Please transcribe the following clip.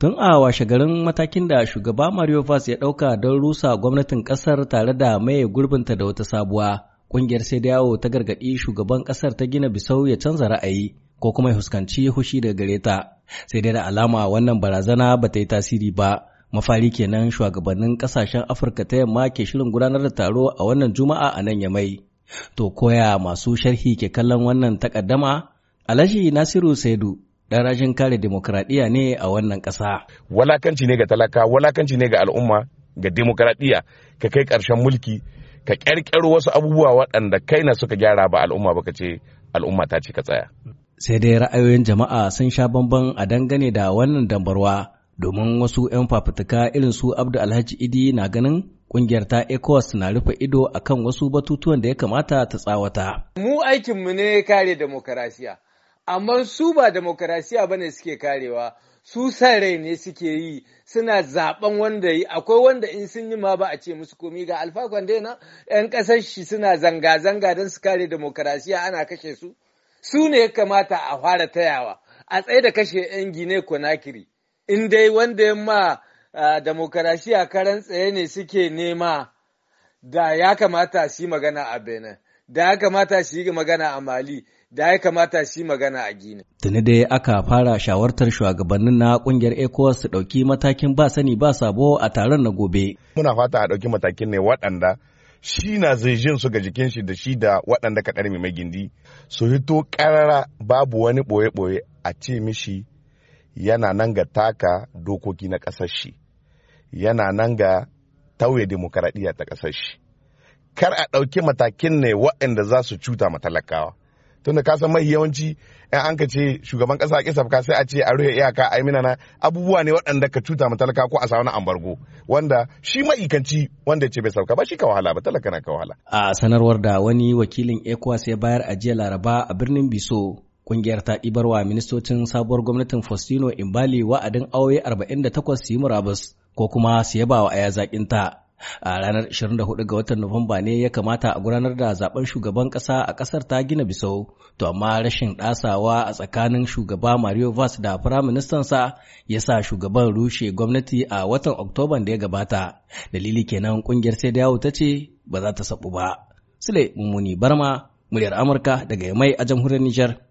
Tun a washegarin matakin da shugaba Mario Vaz ya ɗauka don rusa gwamnatin ƙasar tare da maye gurbinta da wata sabuwa, ƙungiyar sai yawo ta gargaɗi shugaban ƙasar ta gina bisau ya canza ra'ayi ko kuma ya fuskanci hushi daga gare ta. Sai dai da alama wannan barazana ba ta yi tasiri ba. Mafari kenan shugabannin ƙasashen Afirka ta yamma ke shirin gudanar da taro a wannan Juma'a a nan Yamai. To koya masu sharhi ke kallon wannan takaddama? Alhaji Nasiru Saidu Darajin kare demokradiyya ne a wannan ƙasa. Walakanci ne ga talaka, walakanci ne ga al'umma, ga demokradiyya, ka kai ƙarshen mulki, ka ƙyarƙyar wasu abubuwa waɗanda kai na suka gyara ba al'umma ba ka ce al'umma ta ce ka tsaya. Sai dai ra'ayoyin jama'a sun sha bamban a dangane da wannan dambarwa domin wasu 'yan fafutuka irin su Abdu Alhaji Idi na ganin ƙungiyar ta ECOWAS na rufe ido akan wasu batutuwan da ya kamata ta tsawata. Mu aikinmu ne kare demokarasiya. amma su ba demokarasiya bane suke karewa su san rai ne suke yi suna zaben wanda yi akwai wanda in sun yi ma ba a ce musu komi ga alfa kwande yan kasar shi suna zanga zanga don su kare demokarasiya ana kashe su su ne kamata a fara tayawa a tsaye da kashe yan gine konakiri in dai wanda ya ma demokarasiya karan tsaye ne suke nema da ya kamata su yi magana a benin da ya kamata shi yi magana a Mali, da ya kamata shi magana a Gini. Tuni dai aka fara shawartar shugabannin na kungiyar ECOWAS su ɗauki matakin ba sani ba sabo a taron na gobe. Muna fata a ɗauki matakin ne waɗanda shi na zaijin su ga jikin shi da shi da waɗanda ka ɗarmi mai gindi su hito ƙarara babu wani ɓoye-ɓoye a ce mishi yana nan ga taka dokoki na ƙasar shi yana nan ga tauye demokaradiyya ta ƙasar shi. kar a ɗauke matakin ne waɗanda za su cuta matalakawa tunda ka san mahi yawanci in an ka ce shugaban ƙasa a kisafka sai a ce a ruhe iyaka a mina na abubuwa ne waɗanda ka cuta ma talaka ko a sa wani ambargo wanda shi ma'ikanci wanda ce bai sauka ba shi ka wahala ba talaka na ka wahala. a sanarwar da wani wakilin ecowas ya bayar a jiya laraba a birnin biso kungiyar ta wa ministocin sabuwar gwamnatin faustino imbali wa'adin aure 48 su yi murabus ko kuma su yaba wa ayazakinta a ranar 24 ga watan Nuwamba ne ya kamata a gudanar da zaben shugaban ƙasa a ƙasar ta gina bisau to amma rashin ɗasawa a tsakanin shugaba Mario Vaz da sa ya sa shugaban rushe gwamnati a watan Oktoban da ya gabata dalili kenan ƙungiyar sai da yawo ta ce ba za ta saɓu ba Sule Mummuni Barma muryar Amurka daga Yamai a jamhuriyar Nijar